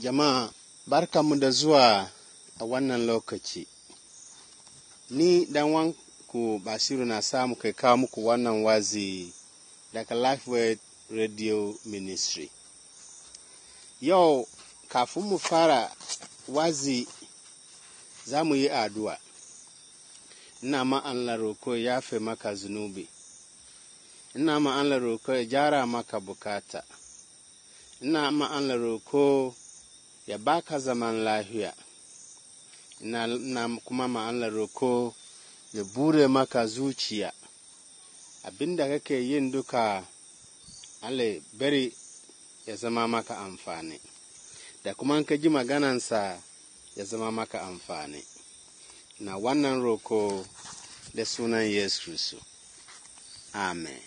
Jama'a, barka mu da zuwa a wannan lokaci. Ni dan wanku Basiru na samu kai kawo muku wannan wazi daga Lifeway Radio Ministry. Yau, kafin mu fara wazi za mu yi addu'a. Ina ma Allah roko ya fe maka zunubi. Ina ma Allah roko ya jara maka bukata. Ina ma Allah roko ya baka zaman lahiya na, kuma ma'anar roko ya bure maka zuciya abinda kake yin duka ale bari ya zama maka amfani da kuma ka ji maganansa ya zama maka amfani na wannan roko da sunan Yesu su Amen.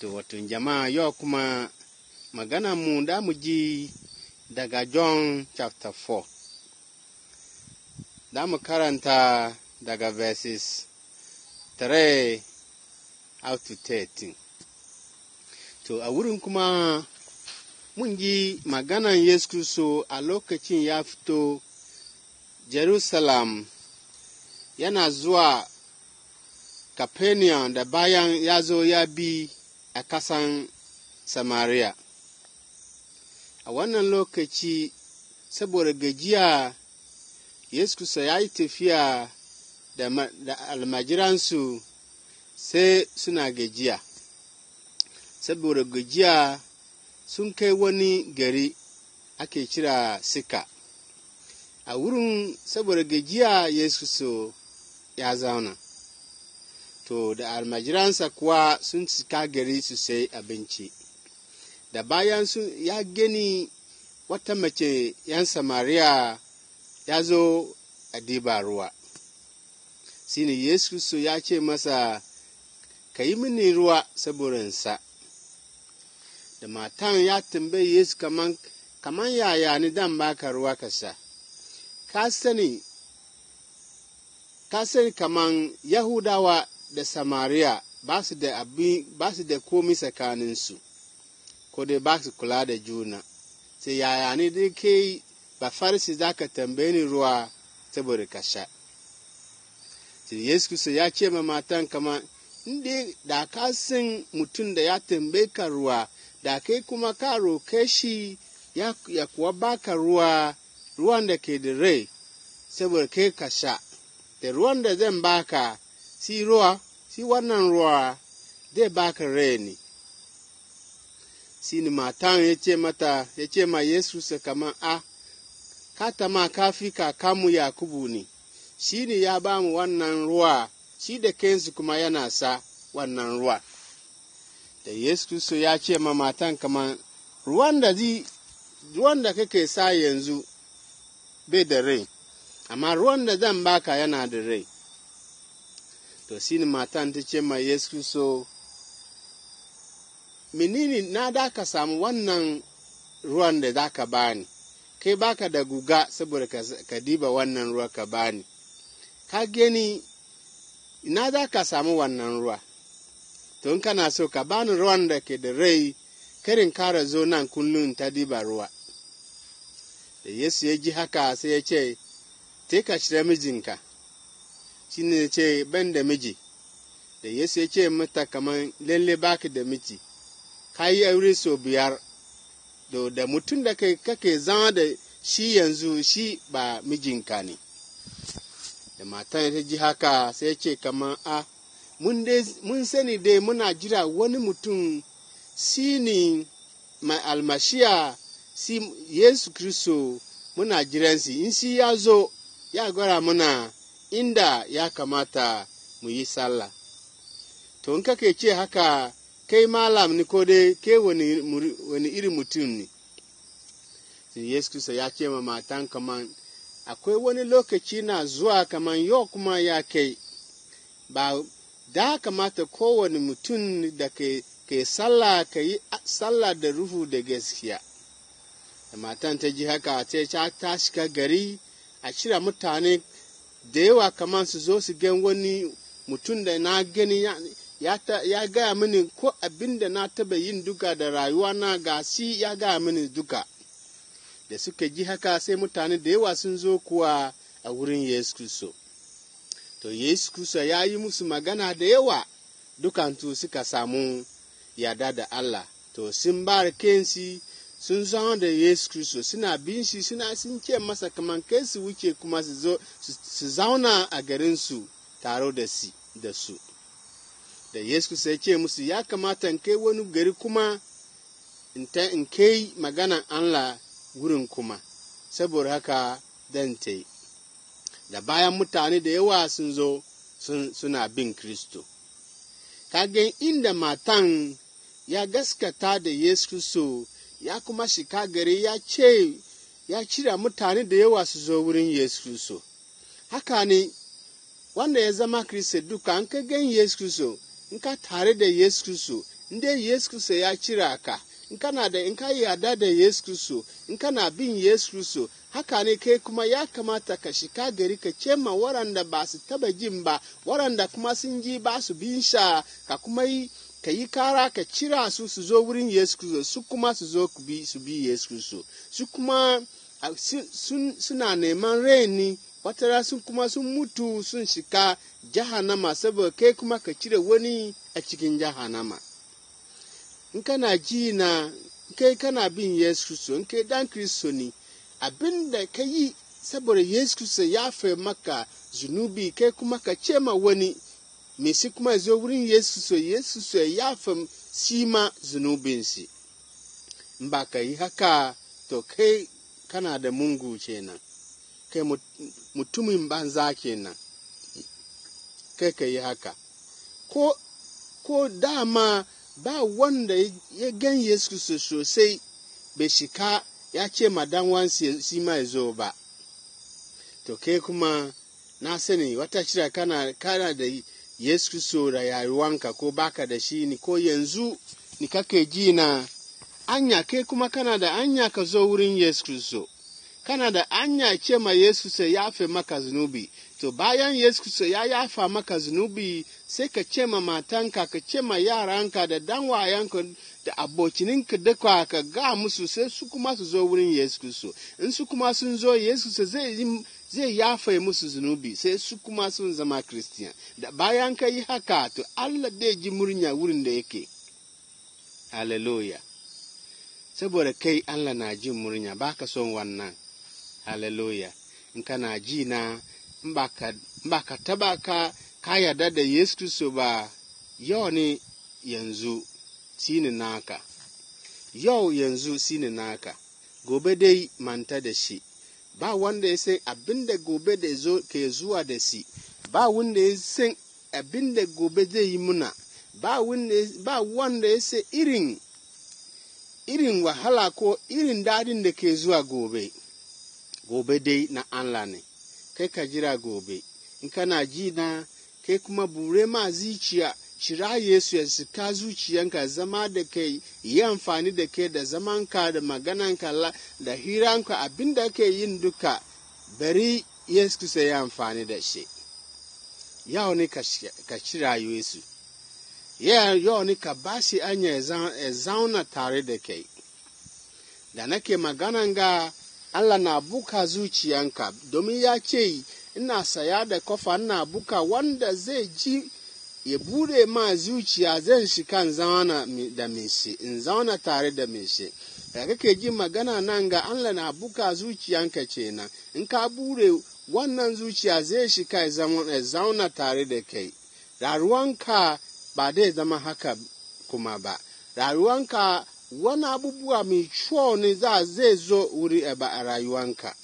To, watan jama'a yau kuma magana mu da mu ji daga John chapter 4. Da mu karanta daga verses 3 out to 13. To, a wurin kuma mun ji maganan Yesu Kristo a lokacin ya fito Jerusalem yana zuwa Capernaum da bayan ya zo ya bi a kasan Samaria. a wannan lokaci saboda gajiya yesu kusa ya yi tafiya da, almajiransu sai suna gajiya saboda gajiya sun kai wani gari ake cira sika a wurin saboda gajiya yesu ya zauna to da almajiransa kuwa sun cika gari su sai abinci da bayan sun ya gani wata mace yan samariya ya zo a diba ruwa shine yesu su ya ce masa ka yi mini ruwa saboda sa da matan ya tambaye yesu kaman kaman yaya ni dan baka ruwa ka sha ka sani ka sani kaman yahudawa da samariya ba su da komi tsakaninsu ko dai ba kula da juna sai yaya ne dai ke ba farisi za ka tambaye ni ruwa saboda ka sha sai yesu kusa ya ce ma matan kama inda da ka san mutum da ya tambaye ka ruwa da kai kuma ka roke shi ya, ya kuwa baka ruwa ruwan da ke da rai saboda kai ka sha da ruwan da zan baka si ruwa si wannan ruwa zai baka rai ne sini matan ya ce mata ya ce ma yesu kamar a kata ma kafi kamu yakubu ne shi ne ya ba mu wannan ruwa shi da kensu kuma yana sa wannan ruwa da yesu kristo ya ce ma matan kamar ruwan da zi ruwan da kake sa yanzu bai da rai amma ruwan da zan baka yana da rai to shi ne matan ta ce ma yesu kristo menene na da ka samu wannan ruwan da za ka bani kai baka da guga saboda ka diba wannan ruwa ka bani ka gani na za ka samu wannan ruwa to in kana so ka bani ruwan da ke da rai karin kara zo nan kullum ta diba ruwa da yesu ya ji haka sai ya ce te ka shirya mijinka shi ne ce ban da miji da yesu ya ce mata kamar lalle baki da miji ka yi aure so biyar da mutum da kake zama da shi yanzu shi ba mijinka ne da mata ta ji haka sai ce kama a ah, mun sani dai muna jira wani mutum shi ne mai almashiya si yesu kristo muna jiransi in si ya zo ya gwara muna inda ya kamata mu yi sallah to in kake ce haka kai malam ni ko dai ke wani, wani mutum ne yesu kristo ya ce ma matan kaman akwai wani lokaci na zuwa kaman yau kuma ya kai ba da kamata kowane mutum da ke sallah ka yi salla da ruhu da gaskiya da matan ta ji haka ce ta shiga gari a cire mutane da yawa kamar su zo su gan wani mutum da na gani ya gaya mini ko abinda da na taba yin duka da rayuwa na gasi ya gaya mini duka da suka ji haka sai mutane da yawa sun zo kuwa a wurin yesu kristo to yesu kristo ya yi musu magana da yawa dukantu suka samu yada da allah to sun ba kensi sun zama da yesu kristo suna bin shi suna sun ce masa kamar kai su wuce kuma su zauna a garinsu tare da su da yesu sai ce musu ya kamata in kai wani gari kuma in magana kai maganan allah wurin kuma saboda haka dante da bayan mutane da yawa sun zo suna bin kristo kagen inda matan ya gaskata da yesu kristo ya kuma shika gari ya ce ya cira mutane da yawa su zo wurin yesu kristo haka ne wanda ya zama kristo duka an kai gan yesu kristo nka tare da yesu kristo inda yesu kristo ya cire ka nka na da nka yarda da yesu kristo nka na bin yesu kristo haka ne kai kuma ya kamata ka shika gari ka ce ma waranda ba su taba jin ba waranda kuma sun ji ba su bin sha ka kuma yi ka yi kara ka cira su su zo wurin yesu kristo su kuma su zo su bi yesu kristo su kuma suna neman raini. watara sun kuma sun mutu sun shiga jahanama saboda kai kuma ka cire wani a cikin jahanama in kana ji na kai kana bin yesu kristo in kai dan kristo ne abin da ka yi saboda yesu kristo ya fe maka zunubi kai kuma ka ce ma wani me shi kuma zo wurin yesu kristo yesu kristo ya fe shi ma zunubinsi in ba yi haka to kai kana da mungu kenan. kai mutumin banza kenan kai ka yi haka ko ko dama ba wanda ya gan yesu kristo sosai bai shika ya ce madan wansu si ma zo ba to kai kuma na sani wata shida kana, kana da yesu kristo da yayuwanka ko baka da shi ni ko yanzu ni kake ji na anya kai kuma kana da anya ka zo wurin yesu kristo kana da anya ce ma Yesu sai ya fi maka zunubi to bayan Yesu sai ya yafa maka zunubi sai ka ce ma matanka ka ce ma yaranka da dan da abokininka duka ka ga musu sai su kuma su zo wurin Yesu Kristo in su kuma sun zo Yesu sai zai zai musu zunubi sai su kuma sun zama kristiyan da bayan ka yi haka to Allah zai ji murnya wurin da yake hallelujah saboda kai Allah na jin ba baka son wannan haleluya nkana na ji na mbakatabaka ka kayada da yesu kristo ba yau ne yanzu sini naka yau yanzu sini naka gobe dai manta da shi ba wanda ya san abin da gobe da ke zuwa da si, ba wanda ya san abin da gobe zai yi muna ba wanda ya san irin irin wahala ko irin dadin da ke zuwa gobe gobe dai na Allah ne kai ka jira gobe in kana ji na kai kuma bure ma zuciya shira Yesu ya sika zuciyanka zama da kai yi amfani da kai da zamanka da magananka da hiranka abin da ke yin duka bari Yesu sai yi amfani da shi yau ne ka cira Yesu yau ne ka ba shi anya ya zauna tare da kai da nake maganan ga Allah na buka zuciyanka domin ya ce ina saya da kofa ina buka wanda zai ji ya bude ma zuciya zai shiga in zauna da mishi in zauna tare da mishi da kake ji magana nan ga Allah na buka zuciyanka kenan in ka bude wannan zuciya zai shiga zauna tare da kai rayuwanka ba dai zama haka kuma ba rayuwanka wani abubuwa mai kyau ne za zai zo wuri ba a rayuwanka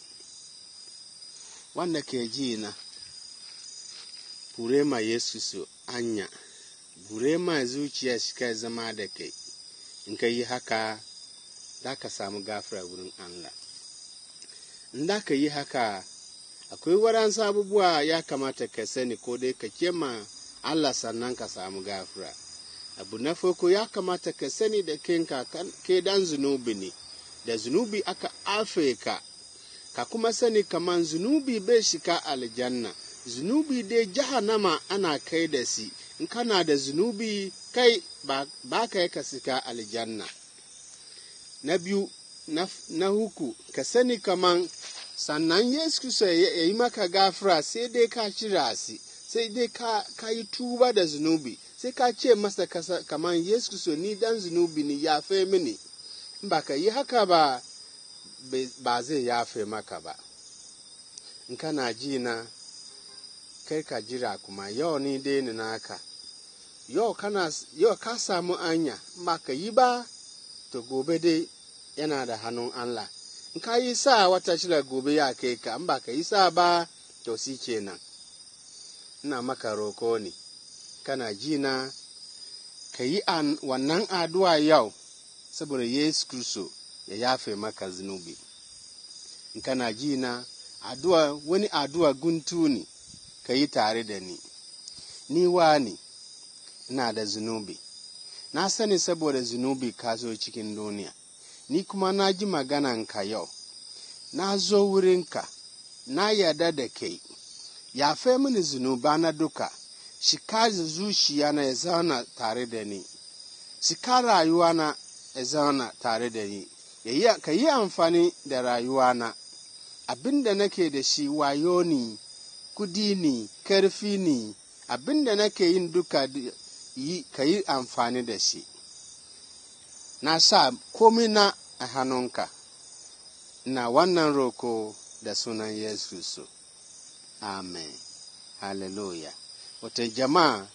wanda ke ji na kurema ma yesu su anya gure zuciya shi kai zama da kai in ka yi haka za ka samu gafira wurin allah in da ka yi haka akwai waɗansu abubuwa ya kamata ka sani ko dai ka kema allah sannan ka samu gafira abu na farko ya kamata ka sani da kanka ke dan zunubi ne da zunubi aka afirka ka kuma sani kaman zunubi bai shika aljanna zunubi dai jahannama ana kai da si in kana da zunubi kai ba ka ka shika aljanna na biyu na huku ka sani kaman sannan yesu ya yi maka gafara sai dai ka cira si sai dai ka yi tuba da zunubi sai ka ce masa kamar yesu so ni dan zunubi ne ya fe mini in ba ka yi haka ba ba zai yafe maka ba in kana ji na kai ka jira kuma yau ni dai ni naka yau yau ka samu anya ba ka yi ba to gobe dai yana da hannun Allah in ka yi sa wata shida gobe ya kai ka in ba ka yi sa ba to si kenan ina maka roko ne kana ji na ka yi wannan aduwa yau saboda yesu kristo ya yafe maka zunubi in kana ji na aduwa wani aduwa guntu ne ka yi tare da ni ni wa ne ina da zunubi na sani saboda zunubi ka zo cikin duniya ni kuma na ji magananka yau na zo wurinka na yarda da kai yafe mini zunuba na duka shi zuciya na ya zauna tare da ni shi rayuwa na ya zauna tare da ni ka yi amfani da rayuwa na abin da nake da shi wayo ne kudi ne karfi ne abin da nake yin duka ka yi amfani da shi na sa komi na a hannunka na wannan roko da sunan yesu amen hallelujah wata jama'a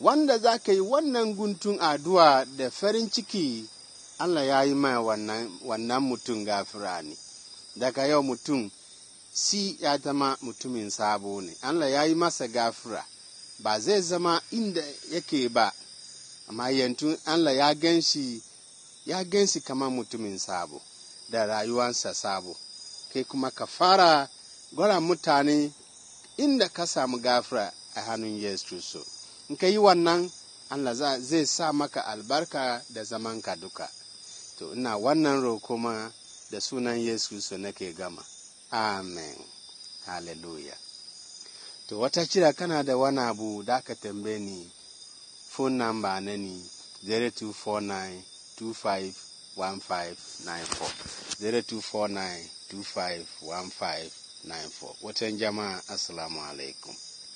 wanda za ka yi wannan guntun addu'a da farin ciki Allah ya yi mai wannan mutum gafira ne daga yau mutum si ya zama mutumin sabo ne Allah ya yi masa gafira ba zai zama inda yake ba amma yantu Allah ya gan shi ya gan shi kamar mutumin sabo da rayuwansa sabo kai kuma ka fara gwara mutane inda ka samu gafira a hannun yesu kristo in ka yi wannan allah zai sa maka albarka da zaman ka duka to ina wannan rokoma da sunan yesu kristo nake gama amen hallelujah to wata cira kana da wani abu da aka tambaye ni phone number na ni 0249 0249 watan jama'a assalamu alaikum